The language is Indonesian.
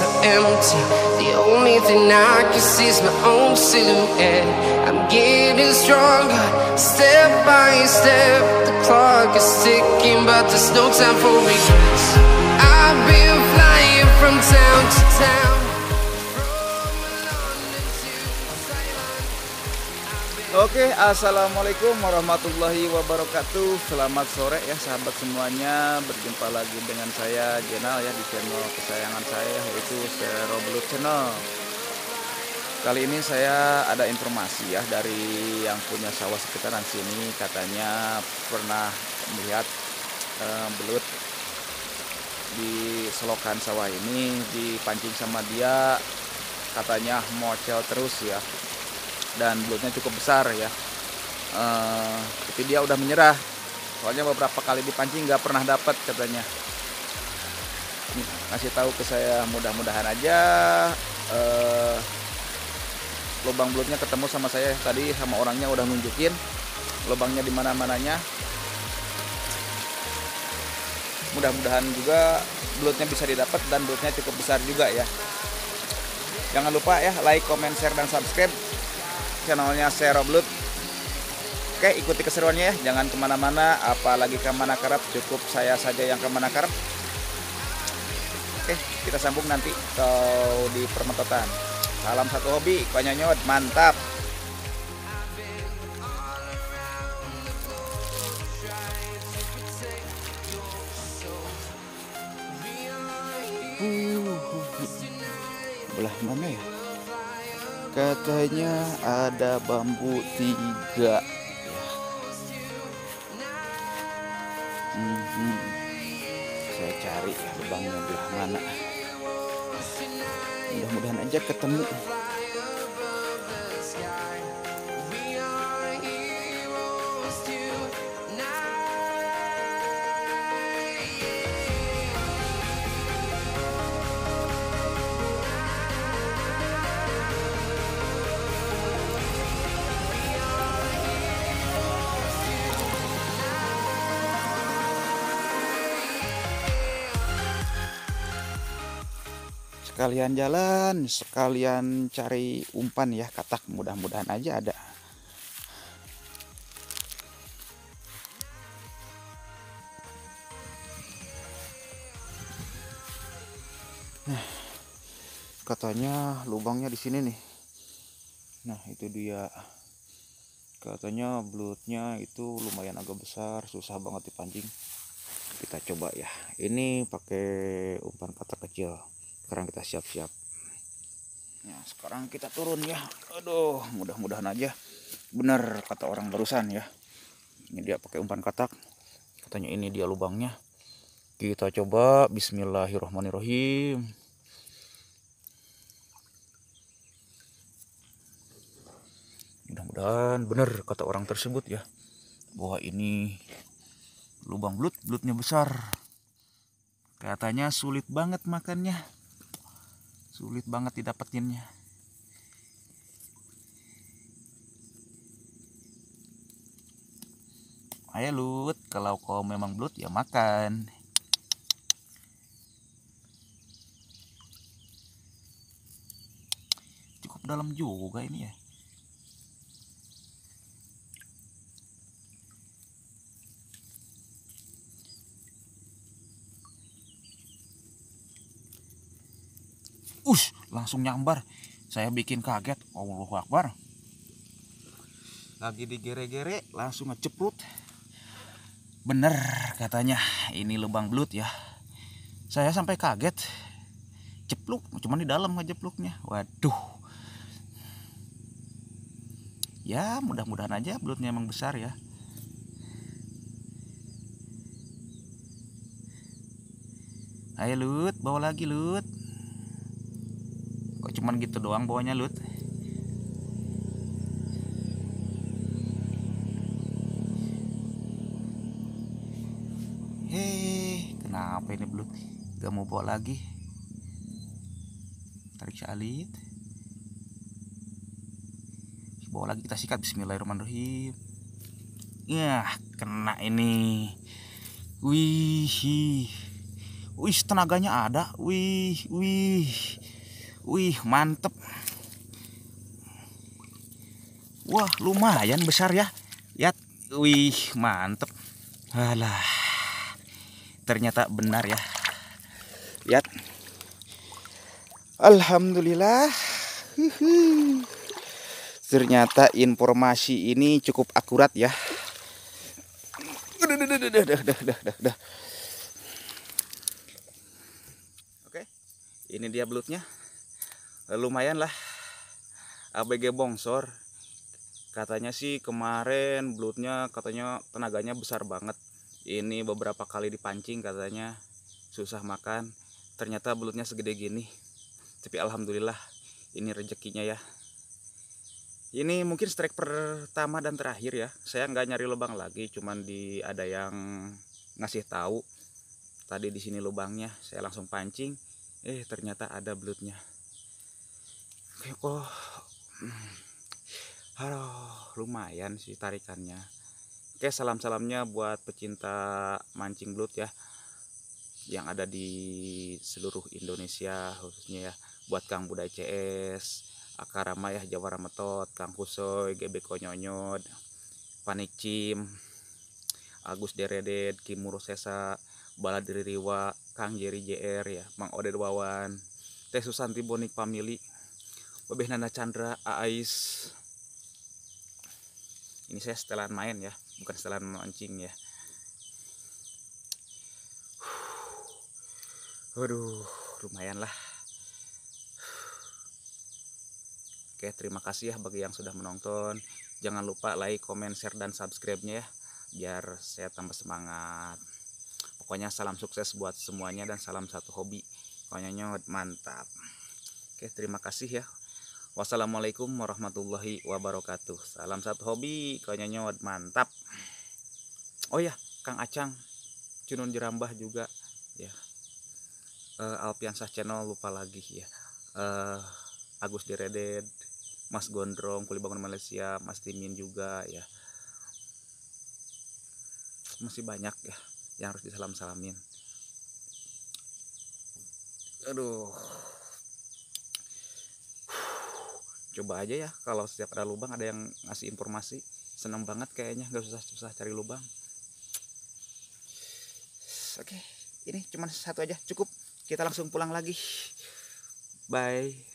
so empty. The only thing I can see is my own silhouette. I'm getting stronger, step by step. The clock is ticking, but there's no time for regrets. I've been flying from town to town. Oke, assalamualaikum warahmatullahi wabarakatuh. Selamat sore ya sahabat semuanya. Berjumpa lagi dengan saya Jenal ya di channel kesayangan saya yaitu Sero Blue Channel. Kali ini saya ada informasi ya dari yang punya sawah sekitaran sini katanya pernah melihat eh, belut di selokan sawah ini dipancing sama dia katanya mocel terus ya dan belutnya cukup besar ya uh, tapi dia udah menyerah soalnya beberapa kali dipancing nggak pernah dapat katanya Ini, kasih tahu ke saya mudah-mudahan aja uh, lubang belutnya ketemu sama saya tadi sama orangnya udah nunjukin lubangnya di mana mananya mudah-mudahan juga belutnya bisa didapat dan belutnya cukup besar juga ya jangan lupa ya like comment share dan subscribe channelnya saya Blood. Oke ikuti keseruannya ya jangan kemana-mana apalagi ke kerap. cukup saya saja yang ke kerap. Oke kita sambung nanti atau di permetotan. Salam satu hobi banyak konyonyot mantap Uh, belah mana ya? katanya ada bambu tiga hmm. saya cari ya lubangnya di mana mudah-mudahan aja ketemu sekalian jalan sekalian cari umpan ya katak mudah-mudahan aja ada nah katanya lubangnya di sini nih nah itu dia katanya belutnya itu lumayan agak besar susah banget dipancing kita coba ya ini pakai umpan katak kecil sekarang kita siap-siap ya sekarang kita turun ya aduh mudah-mudahan aja benar kata orang barusan ya ini dia pakai umpan katak katanya ini dia lubangnya kita coba bismillahirrohmanirrohim mudah-mudahan benar kata orang tersebut ya bahwa ini lubang blut blutnya besar katanya sulit banget makannya sulit banget didapetinnya ayo lut kalau kau memang blut ya makan cukup dalam juga ini ya ush langsung nyambar saya bikin kaget Allahu Akbar lagi digere-gere langsung ngeceprut bener katanya ini lubang belut ya saya sampai kaget cepluk, cuman di dalam aja pluknya. waduh ya mudah-mudahan aja belutnya emang besar ya Ayo Lut, bawa lagi Lut cuman gitu doang bawahnya Lut hei eh, kenapa ini belut gak mau bawa lagi tarik salit bawa lagi kita sikat bismillahirrahmanirrahim ya kena ini wih wih tenaganya ada wih wih Wih, mantep. Wah, lumayan besar ya. Lihat. Wih, mantep. Alah. Ternyata benar ya. Lihat. Alhamdulillah. Ternyata informasi ini cukup akurat ya. Oke. Ini dia belutnya lumayan lah ABG bongsor katanya sih kemarin bloodnya katanya tenaganya besar banget ini beberapa kali dipancing katanya susah makan ternyata belutnya segede gini tapi alhamdulillah ini rezekinya ya ini mungkin strike pertama dan terakhir ya saya nggak nyari lubang lagi cuman di ada yang ngasih tahu tadi di sini lubangnya saya langsung pancing eh ternyata ada belutnya oh, hmm, Halo, lumayan sih tarikannya. Oke, salam-salamnya buat pecinta mancing belut ya. Yang ada di seluruh Indonesia khususnya ya. Buat Kang Budai CS, Akarama ya, Jawa Rametot, Kang Kusoy, GB Konyonyod, Panik Cim, Agus Dereded Kimuro Sesa, Baladiri Riwa, Kang Jerry JR ya, Mang Oded Wawan, Teh Susanti Bonik Family, Babeh Nana Chandra Ais ini saya setelan main ya bukan setelan mancing ya Waduh lumayan lah Oke terima kasih ya bagi yang sudah menonton jangan lupa like comment share dan subscribe nya ya biar saya tambah semangat pokoknya salam sukses buat semuanya dan salam satu hobi pokoknya mantap Oke terima kasih ya Wassalamualaikum warahmatullahi wabarakatuh. Salam satu hobi, konyolnya mantap. Oh ya, Kang Acang, Cunun Jerambah juga ya. Uh, eh, Alpiansah channel lupa lagi ya. Uh, Agus Diredet, Mas Gondrong, Kuli Bangun Malaysia, Mas Timin juga ya. Masih banyak ya yang harus disalam-salamin. Aduh coba aja ya kalau setiap ada lubang ada yang ngasih informasi seneng banget kayaknya gak susah-susah cari lubang oke ini cuma satu aja cukup kita langsung pulang lagi bye